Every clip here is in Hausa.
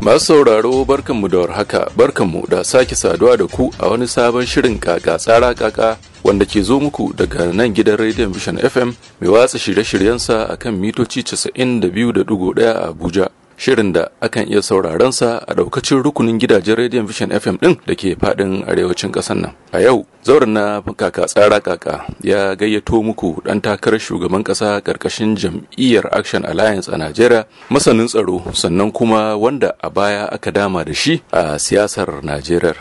Masu sauraro barkanmu da warhaka barkanmu da sake saduwa da ku a wani sabon shirin kaka tsara kaka wanda ke zo muku daga nan gidan rediyon Vision FM mai watsa shirye-shiryensa akan mitoci 92.1 a Abuja shirin da akan iya sauraron sa a daukacin rukunin gidajen rediyon vision fm din da ke fadin arewacin kasar nan a yau zauren na kaka tsara kaka ya gayyato muku dan takarar shugaban kasa karkashin jam'iyyar action alliance a najeriya masanin tsaro sannan kuma wanda a baya aka dama da shi a siyasar najeriya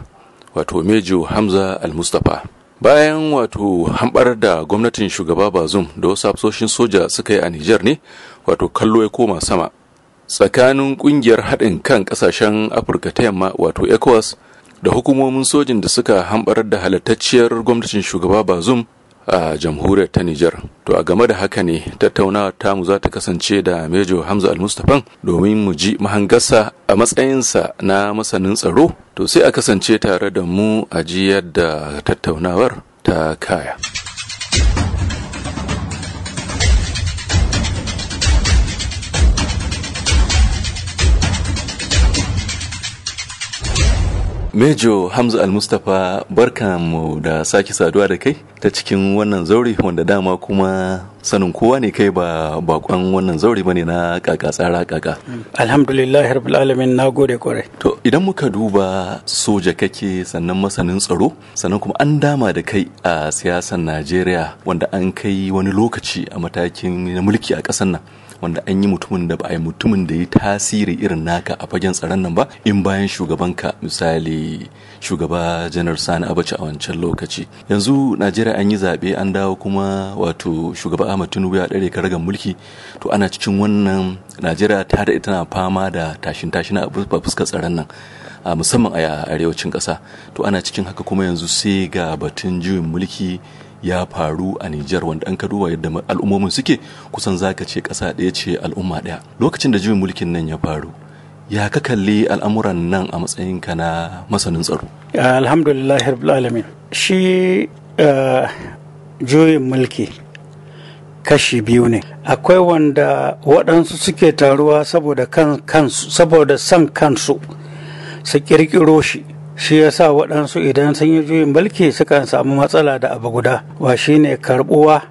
wato mejo hamza almustapha. bayan wato hambar da gwamnatin shugaba bazum da wasu hafsoshin soja suka yi a niger ne wato kallo ya koma sama tsakanin kungiyar haɗin kan ƙasashen afirka ta yamma wato ecowas da hukumomin sojin da suka hambarar da halittacciyar gwamnatin shugaba bazum a jamhuriyar ta Nijar. To a game da haka ne tattaunawa tamu za ta kasance da Mejo Hamza Almustafan domin mu ji mahangasa a matsayinsa na masanin tsaro. To sai a kasance tare da mu a jiyar da tattaunawar ta kaya. Mejo Hamza Al-Mustapha mu da sake saduwa da kai ta cikin wannan zauri, wanda dama kuma sanin kowa ne kai ba bakon wannan zaure bane na kaka tsara kaka. Alhamdulillah rabbil alamin na gode kwarai. To idan muka duba soja kake sannan masanin tsaro sannan kuma an dama da kai a siyasar Najeriya wanda an kai wani lokaci a matakin na mulki a ƙasar nan. wanda an yi mutumin da ba a yi mutumin da ya tasiri irin naka a fagen tsaron nan ba in bayan shugabanka misali shugaba janar sani abaci a wancan lokaci yanzu najeriya an yi zaɓe an dawo kuma wato shugaba ahmad tinubu ya ɗare ka raga mulki to ana cikin wannan najeriya ta da tana fama da tashin tashin a fuskar tsaron nan a musamman a arewacin ƙasa to ana cikin haka kuma yanzu sai ga batun juyin mulki ya faru a Nijar wanda an ka yadda al'ummomin suke kusan zaka ce ƙasa ɗaya ce al'umma ɗaya lokacin da juyin mulkin nan ya faru ya ka kalli al'amuran nan a matsayinka na masanin tsaro alhamdulillah alamin shi eh, juyin mulki kashi biyu ne akwai wanda waɗansu suke taruwa saboda saboda son kansu su ƙirƙiro shi shi ya sa waɗansu idan sun yi juyin mulki suka samu matsala da abu guda wa shine karɓuwa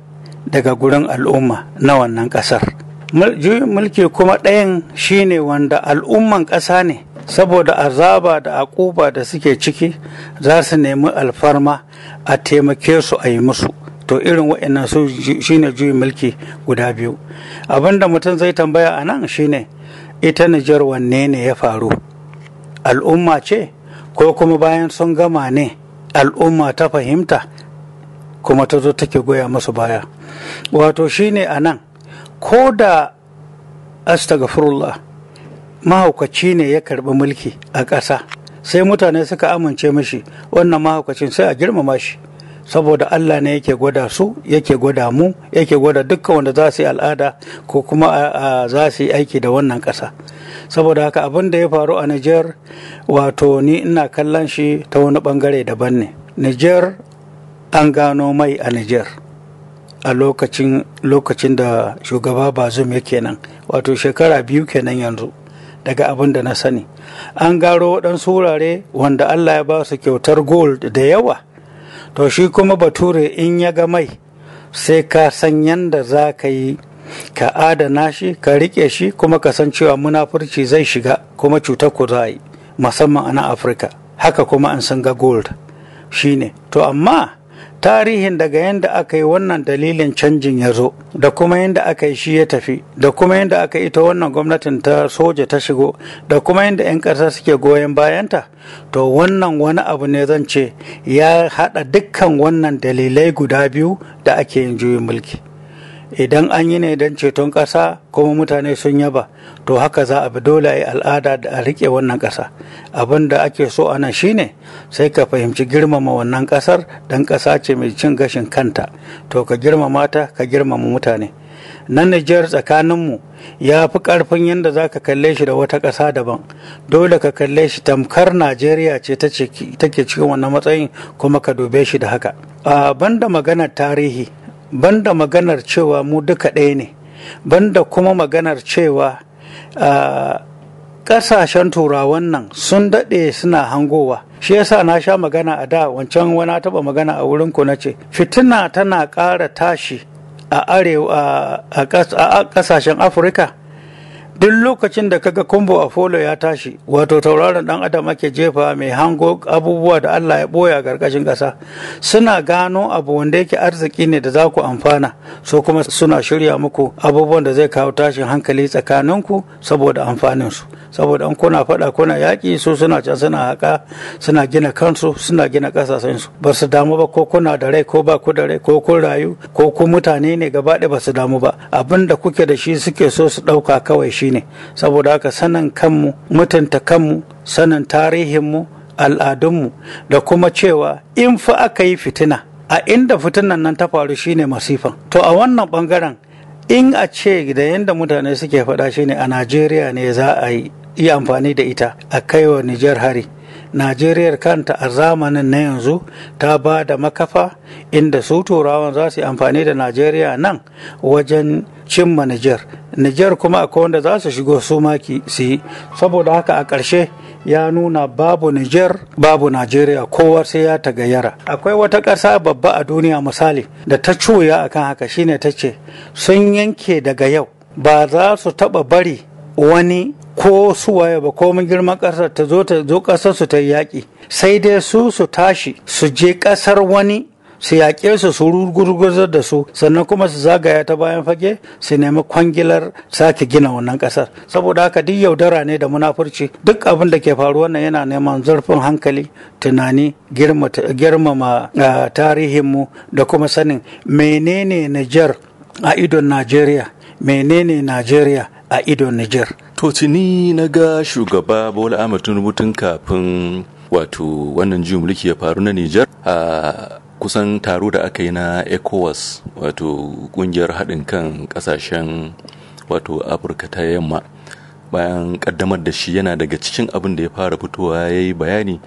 daga gurin al'umma na wannan ƙasar juyin mulki kuma ɗayan shine wanda al'umman ƙasa ne saboda azaba da aƙuba da suke ciki za su nemi alfarma a taimake su a yi musu to irin waɗannan su shine juyin mulki guda biyu abinda mutum zai tambaya a nan shine ita nijar wanne ne ya faru al'umma ce ko kuma bayan sun gama ne al'umma ta fahimta kuma ta zo take goya masu baya wato shine a nan ko da astagfirullah mahaukaci ne ya karbi mulki a ƙasa sai mutane suka amince mashi wannan mahaukacin sai a girmama shi saboda Allah ne yake gwada su yake gwada mu yake gwada dukkan wanda za su yi al'ada ko kuma za su yi aiki da wannan ƙasa saboda haka abin da ya faru a niger wato ni ina kallon shi ta wani bangare daban ne niger an gano mai a niger a lokacin lokacin da shugaba bazum yake nan wato shekara biyu kenan yanzu daga abin da na sani an gano waɗansu wurare wanda allah ya ba su kyautar gold da yawa to shi kuma bature in ya ga mai sai ka san yadda za ka yi ka adana shi ka riƙe shi kuma ka san cewa munafurci zai shiga kuma cutar ku za yi musamman a nan afirka haka kuma an san ga gold shine to amma tarihin daga yadda aka yi wannan dalilin canjin ya zo da kuma yadda aka yi shi ya tafi da kuma yadda aka ita wannan gwamnatin ta soja ta shigo da kuma yadda 'yan ƙasa suke goyon bayanta to wannan wani abu ne zan ce ya haɗa dukkan wannan dalilai guda biyu da ake yin juyin mulki idan an yi ne don ceton ƙasa kuma mutane sun yaba to haka za a bi dole a al'ada da a riƙe wannan ƙasa abin da ake so ana shine sai ka fahimci girmama wannan ƙasar don ƙasa ce mai cin gashin kanta to ka girmama ta ka girmama mutane na Nijar tsakaninmu ya fi ƙarfin yadda za ka kalle shi da wata ƙasa daban dole ka kalle shi tamkar Najeriya ce take cikin wannan matsayin kuma ka dube shi da haka. A banda maganar tarihi banda maganar cewa mu duka ɗaya ne banda kuma maganar cewa ƙasashen turawan nan sun daɗe suna hangowa shi yasa na sha magana a da wancan wani taɓa magana a wurin ku na ce fitina tana ƙara tashi a ƙasashen afirka duk lokacin da kaga kumbo apollo ya tashi wato tauraron dan adam ake jefa mai hango abubuwa da allah ya boya gargashin ƙasa suna gano abu wanda yake arziki ne da za ku amfana so kuma suna shirya muku abubuwan da zai kawo tashin hankali tsakaninku saboda amfanin su saboda an kuna faɗa kuna yaƙi su suna can suna haƙa suna gina kansu suna gina ƙasashensu ba su damu ba ko kuna da rai ko ba ku da rai ko kun rayu ko ku mutane ne gaba ɗaya ba su damu ba abin da kuke da shi suke so su ɗauka kawai shi ne saboda haka sanin kanmu mutunta kanmu sanin tarihinmu al'adunmu da kuma cewa in fa aka yi fitina a inda fitinan nan ta faru shine masifan to a wannan bangaren in a ce da yadda mutane suke faɗa shine a najeriya ne za a yi amfani da ita a kaiwa nijar hari Najeriya kanta a zamanin na yanzu ta ba da makafa inda su turawan za su yi amfani da najeriya nan wajen cimma niger niger kuma akwai wanda za su shigo su maki su yi saboda haka a ƙarshe ya nuna babu niger babu najeriya kowa sai ya tagayyara akwai wata ƙasa babba a duniya misali da ta cuya akan haka shine ta ce sun yanke daga yau ba za su taɓa bari wani ko su waye ba komin girman ƙasar ta zo ta zo ƙasar su ta yaƙi sai dai su su tashi su je ƙasar wani su yaƙe su su gurgurzar da su sannan kuma su zagaya ta bayan fage su nemi kwangilar sake gina wannan ƙasar saboda haka duk yaudara ne da munafurci duk abin da ke faru wannan yana neman zurfin hankali tunani girmama tarihinmu da kuma sanin menene Nijar a idon Najeriya menene Najeriya a ido niger To tuni na ga shugaba Bola Ahmed Tinubu tun kafin wato wannan juyin mulki ya faru na Nijar a kusan taro da aka yi na ECOWAS wato kungiyar haɗin kan ƙasashen wato Afirka ta yamma. Bayan ƙaddamar da shi yana daga cikin abin da ya fara fitowa ya yi bayani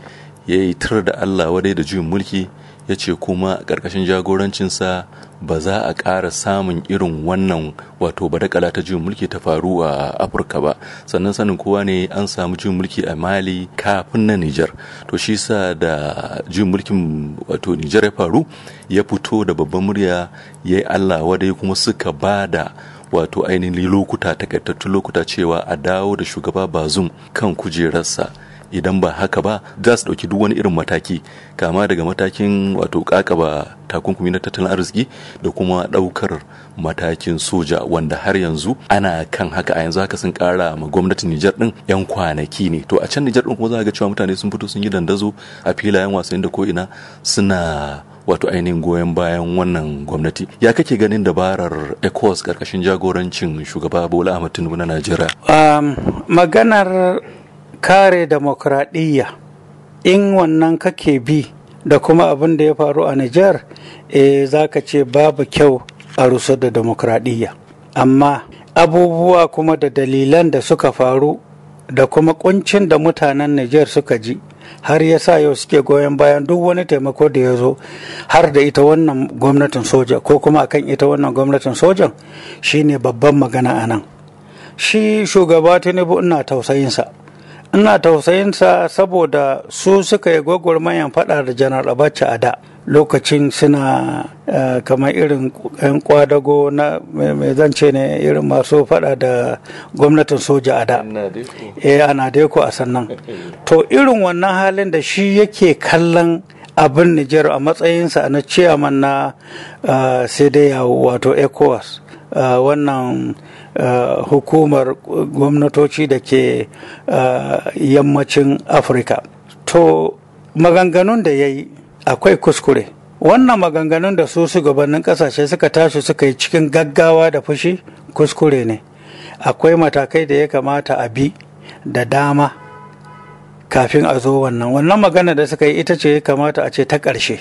ya yi tar da Allah wadai da juyin mulki ya ce kuma ƙarƙashin jagorancinsa ba za a ƙara samun irin wannan wato barakala ta juyin mulki ta faru a afirka ba sannan sanin kowa ne an samu juyin mulki a mali kafin na nijar to shi sa da juyin mulkin wato nijar ya faru ya fito da babban murya ya yi allah wadai kuma suka ba da wato ainihin lokuta takaitattun lokuta cewa a dawo da shugaba bazum kan kujerarsa idan ba haka ba za su ɗauki duk wani irin mataki kama daga matakin wato kakaba takunkumi na tattalin arziki da kuma ɗaukar matakin soja wanda har yanzu ana kan haka a yanzu haka sun kara ma gwamnatin Nijar din yan kwanaki ne to a can Nijar din kuma za ga cewa mutane sun fito sun yi dandazo a filayen wasanni da ko ina suna wato ainihin goyon bayan wannan gwamnati ya kake ganin dabarar ecos karkashin jagorancin shugaba bola ahmad tinubu na najeriya maganar kare demokradiyya in wannan kake bi da kuma abin da ya faru a Nijar e eh, za ka ce babu kyau a rusar da demokradiyya amma abubuwa kuma da dalilan da suka faru da kuma kuncin da mutanen Nijar suka ji har ya sa yau suke goyon bayan duk wani taimako da ya zo har da ita wannan gwamnatin soja ko kuma akan ita wannan gwamnatin sojan shine babban magana a nan shi shugaba tinubu ina tausayinsa ina tausayinsa saboda su suka yi gwagwarmayan faɗa da janar abacha a da lokacin suna eh, kamar irin yan kwadago na mai zance ne irin masu fada da gwamnatin soja a da a nadeko eh, a sannan to irin wannan halin da shi yake kallon abin nijar a matsayinsa na ciyaman na eh, sai dai wato ecowas wannan Uh, hukumar gwamnatoci da ke uh, yammacin afirka to maganganun da ya yi akwai kuskure wannan maganganun da su shugabannin kasashe suka tashi suka yi cikin gaggawa da fushi kuskure ne akwai matakai da ya kamata a bi da dama kafin a zo wannan wannan magana da suka yi ita ce ya kamata a ce ta ƙarshe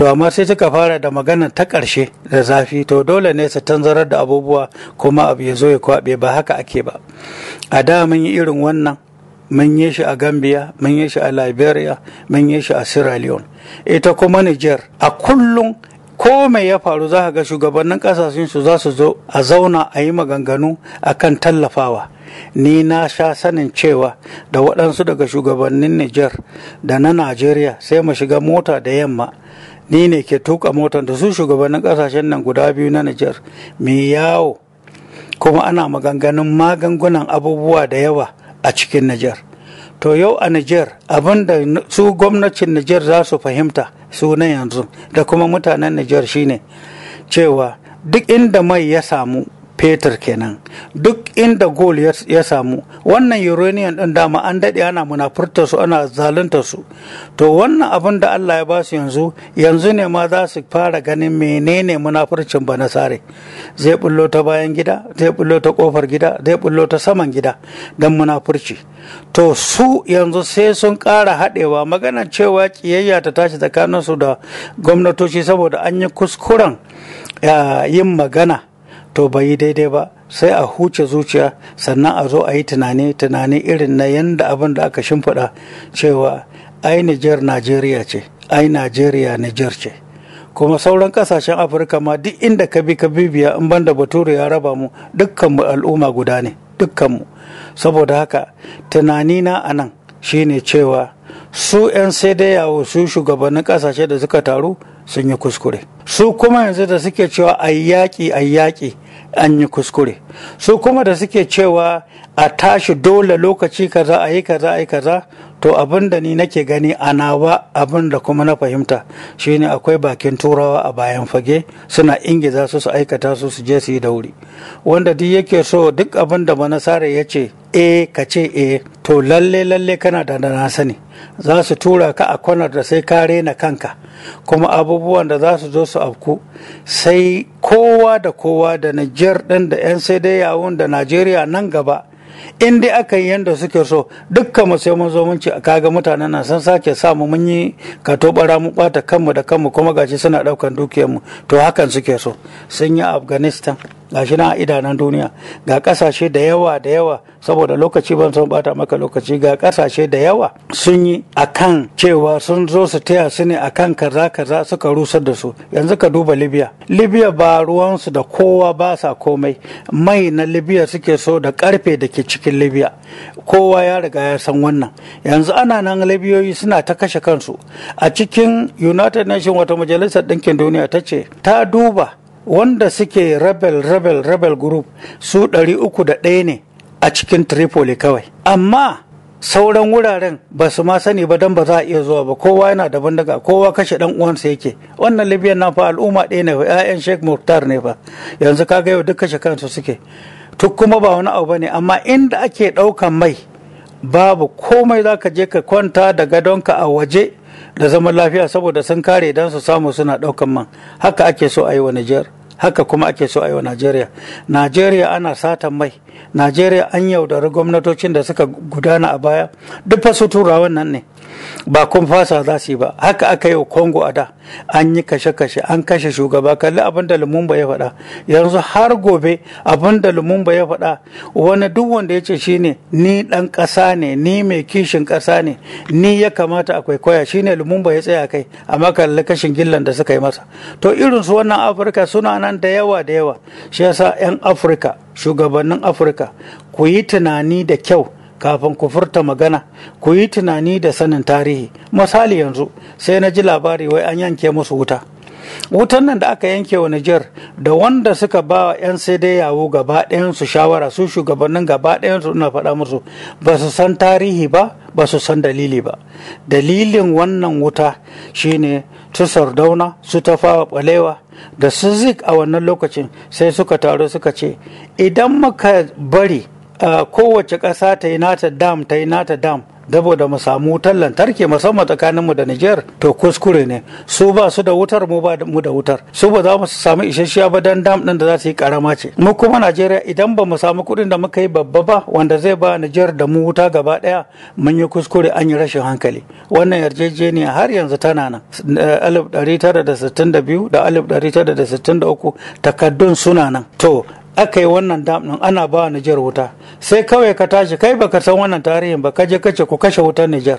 to amma sai suka fara da magana ta ƙarshe da zafi to dole ne su tanzarar da abubuwa kuma abu ya zo ya kwaɓe ba haka ake ba a da mun yi irin wannan mun yi shi a gambia mun yi shi a liberia mun yi shi a sierra leone ita kuma niger a kullum ko mai ya faru za ka ga shugabannin kasashen su za su zo a zauna a yi maganganu a kan tallafawa ni na sha sanin cewa da waɗansu daga shugabannin niger da na najeriya sai mu shiga mota da yamma ni ne ke tuka motar da su shugabannin kasashen nan guda biyu na Nijar mai yawo kuma ana maganganun magungunan abubuwa da yawa a cikin Nijar. To yau a Nijar abinda su gwamnatin Nijar za su fahimta su yanzu da kuma mutanen Nijar shine cewa duk inda mai ya samu fetur kenan duk inda gol ya samu wannan uranium din dama an daɗe ana munafurta su ana zalunta su to wannan abin da Allah ya ba su yanzu yanzu ne ma za su fara ganin menene munafurcin ba nasare zai bullo ta bayan gida zai bullo ta kofar gida zai bullo ta saman gida don munafurci to su yanzu sai sun ƙara haɗewa maganar cewa kiyayya ta tashi tsakaninsu da gwamnatoci saboda an yi kuskuren yin magana to bai yi daidai ba sai a huce zuciya sannan a zo a yi tunani tunani irin na yanda abin da aka shimfiɗa cewa ai Nijar Najeriya ce ai Najeriya Nijar ce kuma sauran kasashen Afirka ma duk inda ka bi ka bibiya in banda Bature ya raba mu dukkan mu al'umma guda ne dukkan mu saboda haka tunanina anan shine cewa su 'yan sai da yawo su shugabannin kasashe da suka taru sun yi kuskure su kuma yanzu da suke cewa a yaƙi a yaƙi an yi kuskure su kuma da suke cewa a tashi dole lokaci kaza a yi kaza a yi kaza to abin da ni nake gani a nawa abin da kuma na fahimta shine akwai bakin turawa a bayan fage suna ingiza su su aikata su su je su yi da wuri wanda duk yake so duk abin da manasara ya ce e ka ce e to lalle lalle kana da na sani za su tura ka a kwanar da sai ka na kanka kuma abubuwan da za su zo su afku sai kowa da kowa da Nijar ɗin da 'yan sai dai yawon da Najeriya nan gaba in dai aka yi yadda suke so dukkan mu sai mun zo mun ci kaga mutanen na sun sake samu mun yi kato bara mu bata kanmu da kanmu kuma gashi suna daukan mu to hakan suke so sun yi afghanistan ga shi na idanun duniya ga kasashe da yawa da yawa saboda lokaci ban san bata maka lokaci ga kasashe da yawa sun yi akan cewa sun zo su taya su ne akan kaza kaza suka rusar da su yanzu ka duba libya libya ba ruwansu da kowa ba sa komai mai na libya suke so da karfe da ke cikin libya kowa ya riga ya san wannan yanzu ana nan libiyoyi suna ta kashe kansu a cikin united nations wata majalisar ɗinkin duniya ta ce ta duba wanda suke rebel rebel rebel group su ɗari uku da ɗaya ne a cikin tripoli kawai amma sauran wuraren ba su ma sani ba don ba za a iya zuwa ba kowa yana da bindiga, kowa kashe dan uwansa yake wannan libyan na fa al'umma ɗaya ne 'ya'yan sheikh muktar ne ba. yanzu kaga yau duk kashe kansu suke tuk kuma ba wani abu bane amma inda ake ɗaukan mai babu komai za ka je ka kwanta da gadonka a waje da zaman lafiya saboda sun kare don su samu suna ɗaukan man haka ake so a yi wa Nijar haka kuma ake so a yi wa Najeriya Najeriya ana satan mai Najeriya an yaudari gwamnatocin da suka gudana a baya duk fa turawan nan ne ba kun fasa za su yi ba haka aka yi wa Kongo a da an yi kashe-kashe an kashe shugaba kalli abin da lumumba ya faɗa yanzu har gobe abin da lumumba ya faɗa wani duk wanda ya ce shi ne, ni ɗan ƙasa ne ni mai kishin ƙasa ne ni ya kamata a kwaikwaya ne lumumba ya tsaya kai amma kalli kashin gillan da suka yi masa to irin su wannan afirka suna nan da yawa da yawa shi yasa 'yan afirka shugabannin afirka ku yi tunani da kyau kafin ku furta magana ku yi tunani da sanin tarihi misali yanzu sai na ji labari wai an yanke musu wuta wutan nan da aka yanke wa Nijar da wanda suka ba wa 'yan sai dai yawo gaba su shawara su shugabannin gaba su na faɗa musu ba su san tarihi ba ba su san dalili ba dalilin wannan wuta shine su sardauna su tafawa ɓalewa, da su zik a wannan lokacin sai suka taru suka ce idan muka bari Eh, kowace ƙasa ta yi nata dam ta yi nata dam da mu samu wutar lantarki musamman mu da Nijar to kuskure ne su ba su da wutar mu ba mu da wutar su ba za mu samu isasshiya ba dan dam din da za su yi karama ce mu kuma Najeriya idan ba mu samu kuɗin da muka yi babba ba wanda zai ba Nijar da mu wuta gaba ɗaya mun yi kuskure an yi rashin hankali wannan yarjejeniya har yanzu tana nan 1962 eh, da 1963 takaddun suna nan to aka yi wannan dam ɗin ana ba Nijar wuta sai kawai ka tashi kai baka san wannan tarihin ba ka je kace ku kashe wutar Nijar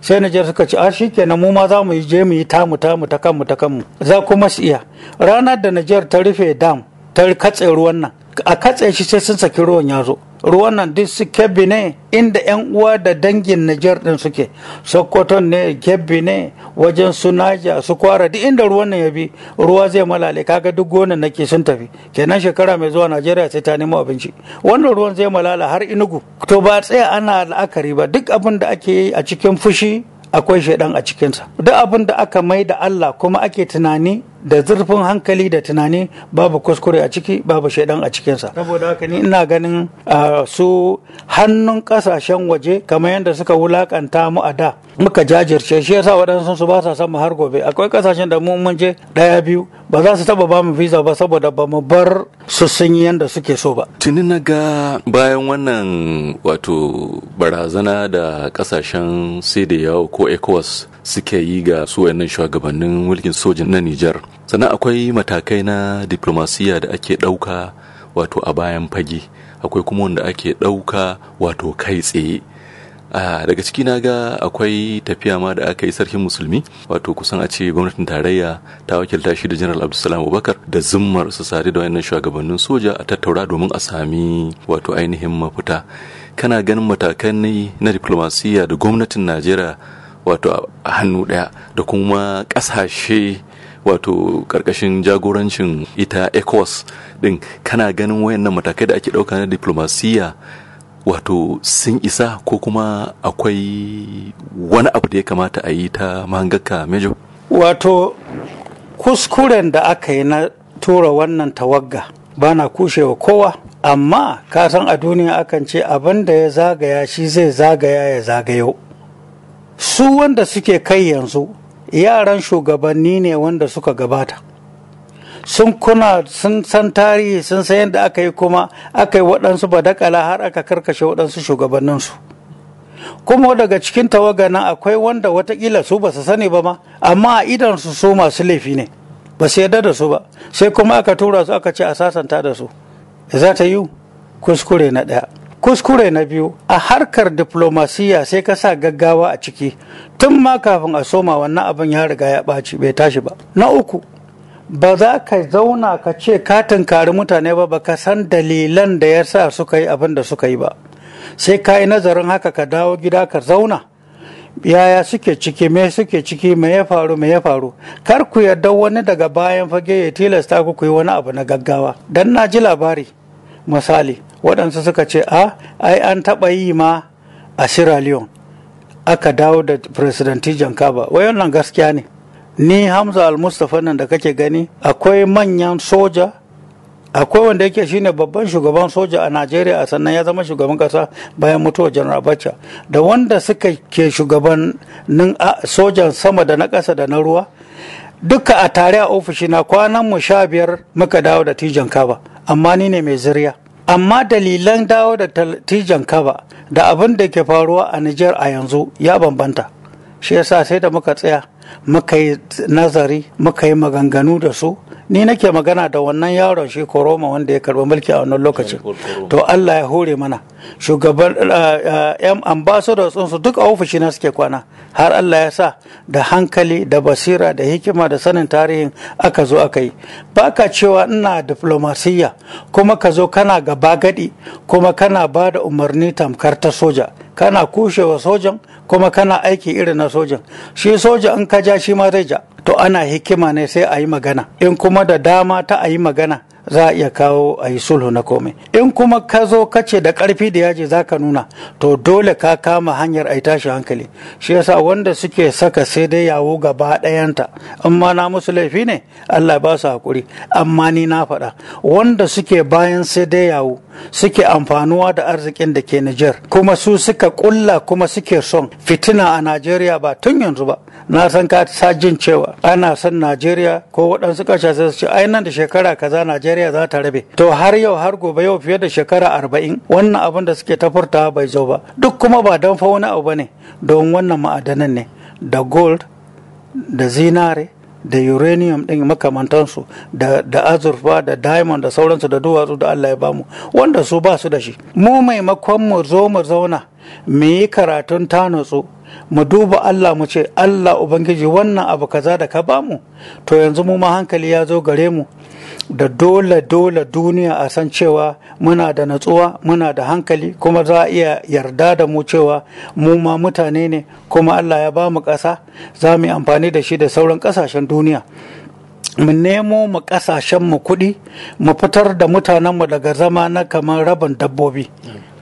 sai Nijar suka ce a ah, shi kenan mu ma za mu je mu yi tamu tamu ta kanmu ta kanmu za kuma su iya ranar da Nijar ta rufe dam ta katse ruwan nan a katse shi sai sun saki ruwan ya zo ruwan nan duk su kebbi ne inda yan uwa da dangin Nijar din suke Sokoton ne kebbi ne wajen su Naja su kwara duk inda ruwan nan ya bi ruwa zai malale kaga duk gonan nake sun tafi kenan shekara mai zuwa Najeriya sai ta nemo abinci wannan ruwan zai malala har Inugu to ba tsaya ana la'akari ba duk abin da ake yi a cikin fushi akwai shaidan a cikinsa duk abin da aka mai da Allah kuma ake tunani da zurfin hankali da tunani babu kuskure a ciki babu shaidan a cikinsa saboda haka ni ina ganin ah, su hannun kasashen waje kamar yadda suka wulakanta mu a da muka jajirce shi yasa waɗansu su ba sa samu har gobe akwai kasashen da mun mun ɗaya biyu ba za su taba ba mu visa ba saboda ba mu bar su sun yi yanda suke so ba tuni na ga bayan wannan wato barazana da kasashen sai da yawo ko ecowas suke yi ga su wayannan shugabannin mulkin sojin na Nijar sannan akwai matakai na diplomasiya da ake ɗauka wato a bayan fage akwai kuma wanda ake ɗauka wato kai tsaye daga ciki na ga akwai tafiya ma da aka yi sarkin musulmi wato kusan a ce gwamnatin tarayya ta wakilta shi da general abdulsalam abubakar da zimmar su sare da wayannan shugabannin soja a tattaura domin a sami wato ainihin mafita kana ganin matakan na diplomasiya da gwamnatin najeriya wato a hannu daya da kuma kasashe wato karkashin jagorancin ita ecos din kana ganin wayannan matakai da ake dauka na diplomasiya wato sun isa ko kuma akwai wani abu da ya kamata a yi ta mahangaka mejo wato kuskuren da aka yi na tura wannan tawagga ba na kushewa kowa amma kasan a duniya akan ce abin da ya zagaya shi zai zagaya ya zagayo su wanda suke kai yanzu yaran shugabanni ne wanda suka gabata sun kuna sun san tarihi sun san yadda aka yi kuma aka yi waɗansu badakala har aka karkashe waɗansu shugabanninsu kuma daga cikin tawaga nan akwai wanda watakila su ba su sani ba ma amma a idansu su masu laifi ne ba su yarda da su ba sai kuma aka tura su aka ce a sasanta da su za ta yi kuskure na ɗaya kuskure na biyu a harkar diplomasiya sai ka sa gaggawa a ciki tun ma kafin a soma wannan abin ya riga ya ɓaci bai tashi ba na uku ba za ka zauna ka ce ka tunkari mutane ba ba ka san dalilan da ya sa suka yi abin da suka yi ba sai ka yi nazarin haka ka dawo gida ka zauna yaya suke ciki me suke ciki me ya faru me ya faru kar ku yarda wani daga bayan fage ya tilasta ku ku yi wani abu na gaggawa dan na ji labari misali waɗansu suka ce a ah, ai an taɓa yi ma a sierra leone aka dawo da president tijan kaba wayan nan gaskiya ne ni hamza al-mustapha nan da kake gani akwai manyan soja akwai wanda yake shine babban shugaban soja a najeriya a sannan ya zama shugaban kasa bayan mutuwar janar abacha da wanda suka ke shugabannin sojan sama da na kasa da na ruwa duka a tare a ofishina kwanan mu sha biyar muka dawo da tijan kaba amma ni ne mai zirya amma dalilan dawo da tijan kaba da abin da ke faruwa a niger a yanzu ya bambanta shi yasa sai da muka tsaya muka yi nazari muka yi maganganu da su ni nake magana da wannan yaron shi koroma wanda ya karba mulki a wannan lokacin to Allah ya hore mana shugaban yan eh, eh, ambassador sun su duk a ofishi na suke kwana har Allah ya sa da hankali da basira da hikima da sanin tarihin aka zo aka yi ba ka cewa ina diplomasiyya kuma ka zo kana gaba gadi kuma kana ba da umarni tamkar ta soja kana kushewa sojan kuma kana aiki irin na sojan shi soja in ka ja shi ma zai ja to ana hikima ne sai a yi magana in kuma da dama ta a yi magana za a iya kawo a yi sulhu na komai in kuma ka zo ka ce da karfi da yaji za ka nuna to dole ka kama hanyar a tashi hankali shi yasa wanda suke saka sai dai yawo gaba ɗayanta in ma na musu laifi ne allah ba su haƙuri amma ni na faɗa wanda suke bayan sai dai yawo suke amfanuwa da arzikin da ke Nijar kuma su suka kulla kuma suke son fitina a Najeriya ba tun yanzu ba na san ka sajin cewa ana son Najeriya ko waɗansu ƙasashe su ce ai nan da shekara kaza Najeriya za ta rabe to har yau har gobe yau fiye da shekara arba'in wannan abin da suke tafurta bai zo ba duk kuma ba don fa wani abu ne don wannan ma'adanan ne da gold da zinare da uranium ɗin, makamantansu da, da azurfa da diamond da sauransu da duwatsu da Allah ya bamu wanda su ba su da shi mu maimakon mu zo mu zauna mu yi karatun ta nutsu mu duba Allah mu ce Allah Ubangiji wannan abu kaza da ka bamu to yanzu mu ma hankali ya zo gare mu da dole dole duniya a san cewa muna da natsuwa muna da hankali kuma za a iya yarda da mu cewa mu ma mutane ne kuma Allah ya ba mu ƙasa za mu yi amfani da shi da sauran ƙasashen duniya mu nemo mu ƙasashen mu kuɗi mu fitar da mutanenmu daga zama na kamar rabin dabbobi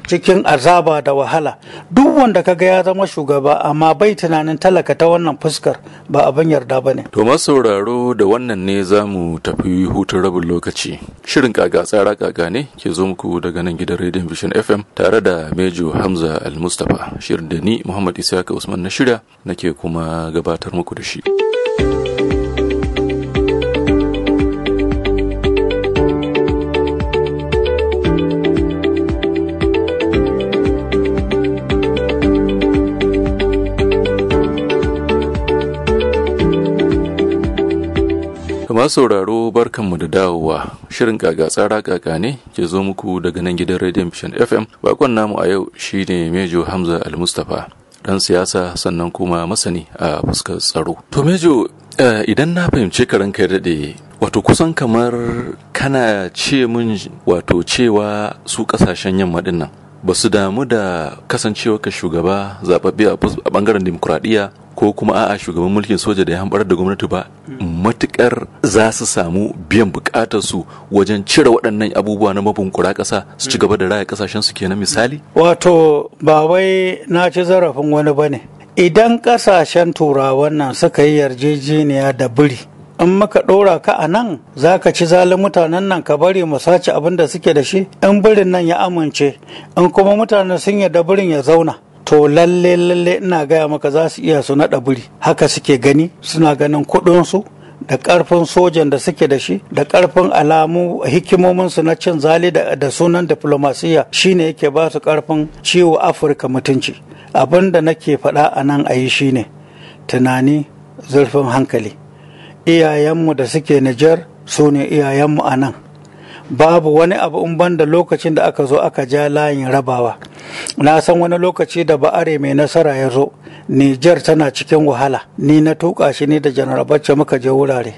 cikin azaba da wahala duk wanda kaga ya zama shugaba amma bai tunanin talaka ta wannan fuskar ba abin yarda ba ne. To sauraro da wannan ne za mu tafi hutun rabin lokaci. Shirin kaga tsara kaga ne ke zo muku daga nan gidan Radio Vision FM tare da Mejo Hamza Al-Mustapha. Shirin da ni Muhammad Isaka Usman na shirya nake kuma gabatar muku da shi. masu sauraro barkanmu da dawowa shirin kaga tsara kaka ne ke zo muku daga nan gidan radio mission fm bakon namu a yau shine mejo hamza almustapha dan siyasa sannan kuma masani a fuskar tsaro to mejo eh, idan na fahimci karin kai daɗe wato kusan kamar kana ce mun wato cewa su kasashen yamma dinnan ba su damu da kasancewa ka shugaba zababbe a bangaren demokuraɗiyya ko kuma a'a shugaban mulkin soja da ya hambar da gwamnati ba matukar za su samu biyan bukatar su wajen cire waɗannan abubuwa na mabunkura ƙasa su ci gaba da raya ƙasashen su kenan misali wato ba wai na ci zarafin wani bane idan ƙasashen turawan nan suka yi yarjejeniya da biri in maka ɗora ka a nan za ka ci zalin mutanen nan ka bari mu sace abin da suke da shi in birin nan ya amince in kuma mutanen sun yarda birin ya zauna to lalle lalle ina gaya maka za su iya su naɗa biri haka suke gani suna ganin kuɗinsu da ƙarfin sojan da suke da shi da ƙarfin alamu hikimominsu na cin zali da sunan diplomasiya shine yake ba su ƙarfin ciwo afirka mutunci abin da nake faɗa a nan a yi shine tunani zurfin hankali iyayenmu da suke nijar su ne iyayenmu a nan babu wani abu in banda lokacin da aka zo aka ja layin rabawa na san wani lokaci da ba'are mai nasara ya zo nijar tana cikin wahala ni na tuka shi ne da janar bacci muka je wurare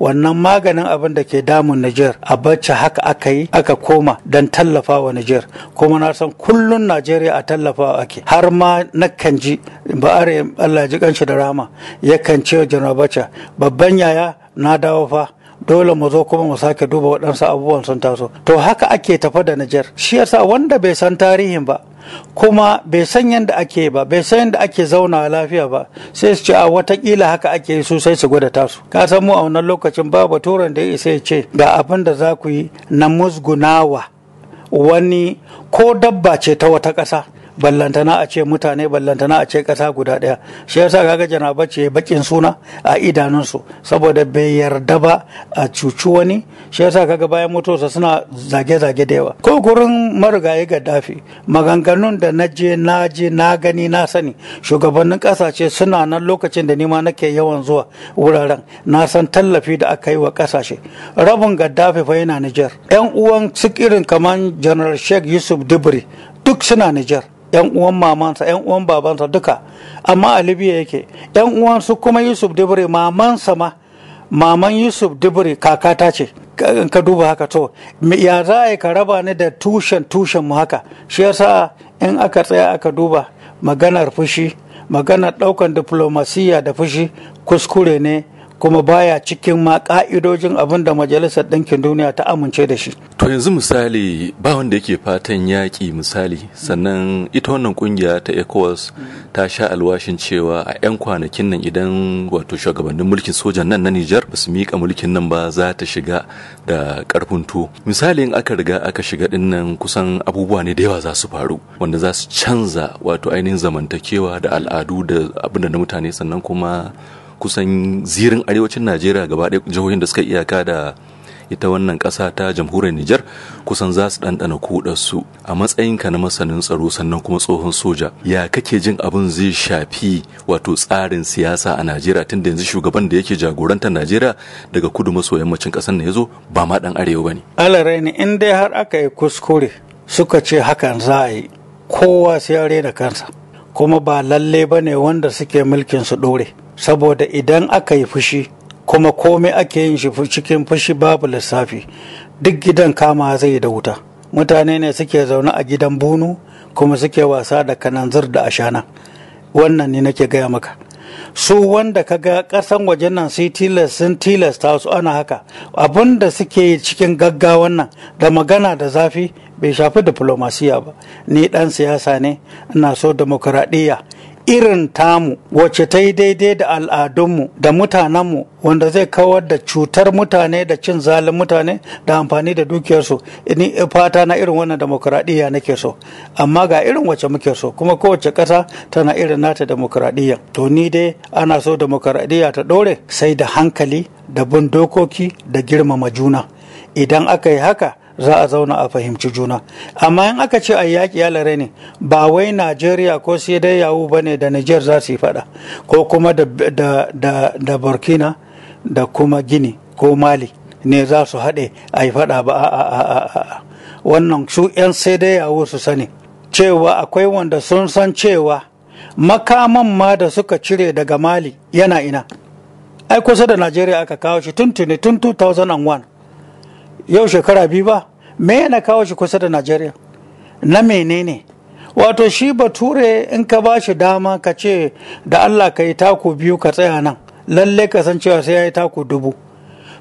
wannan maganin abin da ke damun nijar a bacci haka aka yi aka koma don tallafa wa nijar kuma na san kullun najeriya a tallafa ake har ma kan ji ba'are allah ji kanshi da rama ya yakan ce janar babban yaya na dawo fa dole mu zo kuma mu sake duba waɗansu abubuwan sun taso to haka ake tafa da Nijar shi yasa wanda bai san tarihin ba kuma bai san yadda ake ba bai san yadda ake zauna lafiya ba sai su ce a watakila haka ake su sai su gwada tasu ka san mu a wannan lokacin ba baturan da ya isa ya ce ga abin da za ku yi na musgunawa wani ko dabba ce ta wata ƙasa ballantana a ce mutane ballantana a ce ƙasa guda ɗaya shi yasa kaga janaba ce bakin suna a idanunsu saboda bai yarda ba a cuci wani shi yasa kaga bayan mutuwarsa suna zage-zage da yawa ko gurin marigayi gaddafi maganganun da na je na je na gani na sani shugabannin ƙasashe suna nan lokacin da nima nake yawan zuwa wuraren na san tallafi da aka yi wa ƙasashe rabin gaddafi fa yana Nijar yan uwan su irin kamar General Sheikh Yusuf Dibri duk suna Nijar yan uwan mamansa yan uwan babansa duka amma a libya yake yan uwan su kuma yusuf dibri mamansa ma maman yusuf dibiri kakata ce ka duba haka to ya za a yi ka raba ni da tushen tushen mu haka shi yasa in aka tsaya aka duba maganar fushi maganar daukan diplomasiya da fushi kuskure ne kuma baya cikin ma ka'idojin abin da majalisar ɗinkin duniya ta amince da shi. To yanzu misali ba wanda yake fatan yaƙi misali sannan ita wannan ƙungiya ta ECOWAS ta sha alwashin cewa a 'yan kwanakin nan idan wato shugabannin mulkin sojan nan na Nijar ba su miƙa mulkin nan ba za ta shiga da ƙarfin to. Misali in aka riga aka shiga ɗin kusan abubuwa ne da yawa za su faru wanda za su canza wato ainihin zamantakewa da al'adu da abin da na mutane sannan kuma kusan zirin arewacin najeriya gaba ɗaya jihohin da suka iyaka da ita wannan ƙasa ta jamhuriyar Nijar kusan za su ɗanɗana kuɗa su a matsayinka na masanin tsaro sannan kuma tsohon soja ya kake jin abin zai shafi wato tsarin siyasa a Najeriya tun da yanzu shugaban da yake jagorantar Najeriya daga kudu maso yammacin ƙasar na ya zo ba ma ɗan arewa ba ne. Alaraini in dai har aka yi kuskure suka ce hakan za a yi kowa sai ya rena kansa kuma ba lalle ba ne wanda suke mulkin su ɗore. saboda idan aka yi fushi kuma komai ake yin shi cikin fushi babu lissafi duk gidan kama zai da wuta mutane ne suke zaune a gidan bunu kuma suke wasa da kananzir da ashana wannan ne nake gaya maka su wanda ka ga kasan wajen nan sai tilas sun tilasta su ana haka abin da suke cikin gaggawan nan da magana da zafi bai shafi diplomasiya ba ni dan siyasa ne ina so demokaradiyya irin tamu wacce ta yi daidai da al'adunmu da mutanenmu wanda zai kawar da cutar mutane da cin zalin mutane da amfani da dukiyarsu ni fata na irin wannan demokuraɗiyya nake so amma ga irin wacce muke so kuma kowace ƙasa tana irin nata demokuraɗiyya to ni dai ana so demokuraɗiyya ta ɗore sai da hankali da bin dokoki da girmama juna idan aka yi haka za a zauna a fahimci juna amma in aka ce a yaƙi ya lare ne ba wai najeriya ko sai dai yawu ba ne da niger za su yi faɗa ko kuma da burkina da kuma gini ko mali ne za su haɗe a yi faɗa ba a wannan su 'yan sai dai yawu su sani cewa akwai wanda sun san cewa makaman ma da suka cire daga mali yana ina ai kusa da najeriya aka kawo shi tun tuni tun 2001 yau shekara biyu ba me yana kawo shi kusa da najeriya na menene wato shi bature in ka ba shi dama ka ce da allah ka yi taku biyu ka tsaya nan lalle ka san cewa sai ya yi taku dubu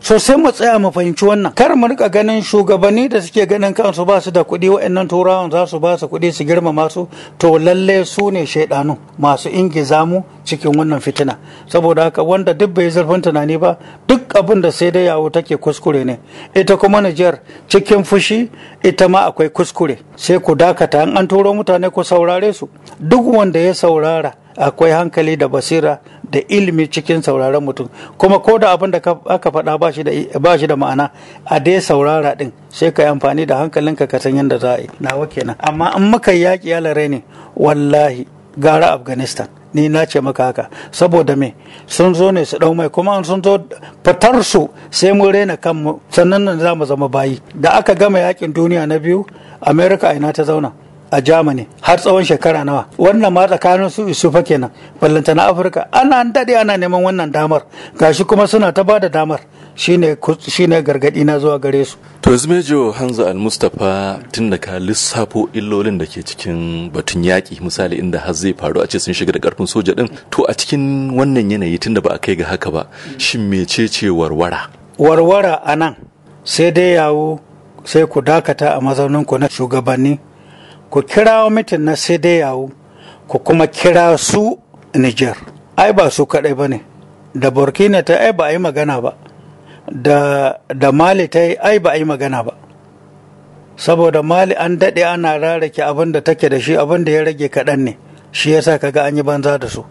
so sai mu tsaya mu fahimci wannan kar mu rika ganin shugabanni da suke ganin kansu ba su da kuɗi waɗannan turawan za su ba su kuɗi su girmama su to lalle su ne shaidanu masu ingiza mu cikin wannan fitina saboda haka wanda duk bai zurfin tunani ba duk abin da sai dai yawo take kuskure ne ita kuma Nijar cikin fushi ita ma akwai kuskure sai ku dakata an turo mutane ku saurare su duk wanda ya saurara akwai hankali da basira da ilimi cikin sauraron mutum kuma ko da abin da aka faɗa ba shi da ma'ana a dai saurara ɗin sai ka yi amfani da hankalinka ka san yadda za a yi nawa kenan amma in muka yaƙi yalare ne wallahi gara afghanistan ni na ce maka haka saboda me sun zo ne su ɗau mai kuma sun zo fitar su sai mun rena kanmu sannan nan za mu zama bayi da aka gama yakin duniya na biyu america ina ta zauna a germany har tsawon shekara nawa wannan ma tsakanin su isufa kenan ballanta na afirka ana daɗe ana neman wannan damar gashi kuma suna ta bada damar shine shine gargadi na zuwa gare su to yanzu hanzu almustafa tun da ka lissafo illolin da ke cikin batun yaƙi misali inda har zai faru a ce sun shiga da karfin soja din to a cikin wannan yanayi tun da ba a kai ga haka ba shin mecece warwara warwara anan sai dai yawo sai ku dakata a ku na shugabanni ku kirawo mitin na sai dai yawo ku kuma kira su niger ai ba su kaɗai ba ne da burkina ta ai ba a yi magana ba da, mali ta ai ba a yi magana ba saboda mali an daɗe ana rarake abin da take da shi abin da ya rage kaɗan ne shi yasa kaga an yi banza da su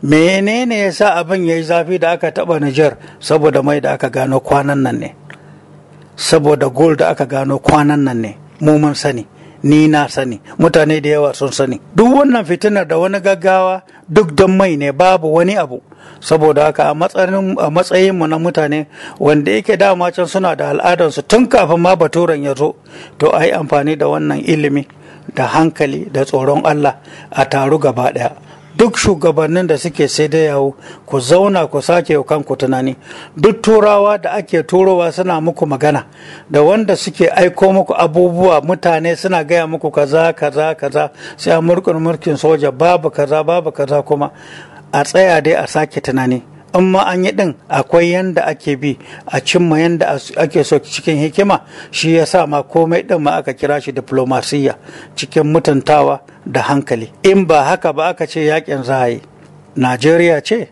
menene ya sa abin ya yi zafi da aka taɓa Nijar saboda mai da aka gano kwanan nan ne saboda gold da aka gano kwanan nan ne mu mun sani ni na sani mutane da yawa sun sani duk wannan fitinar da wani gaggawa duk don mai ne babu wani abu saboda haka a matsayinmu na mutane wanda yake dama can suna da al'adarsu tun kafin ma baturen ya zo to a yi amfani da wannan ilimi da hankali da tsoron allah a taru gaba ɗaya duk shugabannin da suke sai da yawo ku zauna ku sake yau kanku tunani duk turawa da ake turowa suna muku magana da wanda suke aiko muku abubuwa mutane suna gaya muku kaza kaza kaza sai a murkin murkin soja babu kaza babu kaza kuma a tsaya dai a sake tunani in ma an yi din akwai yanda ake bi a cimma yanda ake so cikin hikima shi ya sa ma komai din ma aka kira shi diplomasiya cikin mutuntawa da hankali in ba haka ba aka ce yakin za a yi najeriya ce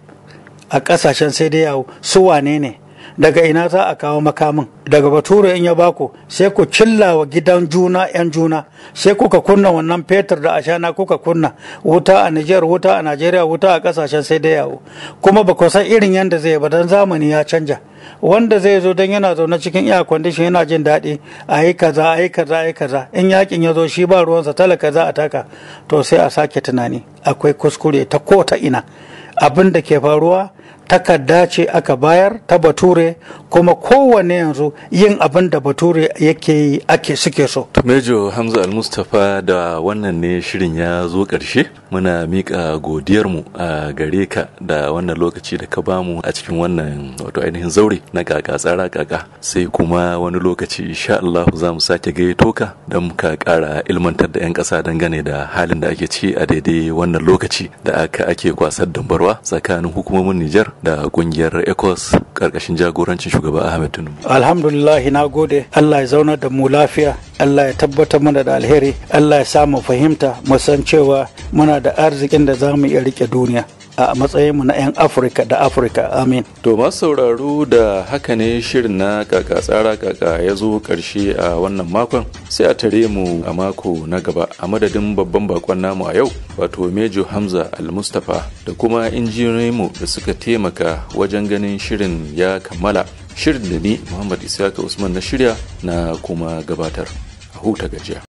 a kasashen sai dai yawo su wane ne daga ina za a kawo makamin daga bature in ya baku sai ku cilla wa gidan juna yan juna sai kuka kunna wannan fetur da ashana kuka kunna wuta a Nijer wuta a Najeriya wuta a kasashen sai da yawo kuma ba ku san irin yadda zai ba dan zamani ya canja wanda zai zo dan yana zaune cikin air condition yana jin daɗi a yi kaza a yi kaza a yi kaza in yakin ya zo shi ba ruwan sa. Tala kaza a taka to sai a sake tunani akwai kuskure ta ko ta ina abin da ke faruwa takarda ce aka bayar ta bature kuma kowane yanzu yin abin da bature yake yi ake suke so. Mejo Hamza Al-Mustapha da wannan ne shirin ya zo ƙarshe muna miƙa godiyarmu a gare ka da wannan lokaci da ka bamu a cikin wannan wato ainihin zaure na kaka tsara kaka sai kuma wani lokaci insha Allah za mu sake gayyato ka don ka ƙara ilmantar da 'yan ƙasa dangane da halin da ake ci a daidai wannan lokaci da aka ake kwasar dambarwa tsakanin hukumomin Nijar da kungiyar ecos karkashin jagorancin shugaba ahmed tinubu alhamdulillah na gode allah ya zauna da mu lafiya allah ya tabbatar mana da alheri allah ya samu fahimta mu san cewa muna da arzikin da za mu iya rike duniya a matsayinmu na 'yan afirka da afirka amin to masu sauraro da haka ne shirin na kaka tsara kaka ya zo karshe a wannan makon sai a tare mu a mako na gaba a madadin babban bakon namu a yau wato mejo hamza almustapha da kuma mu da suka taimaka wajen ganin shirin ya kammala shirin da ni muhammad isaka usman na shirya na kuma gabatar a huta gajiya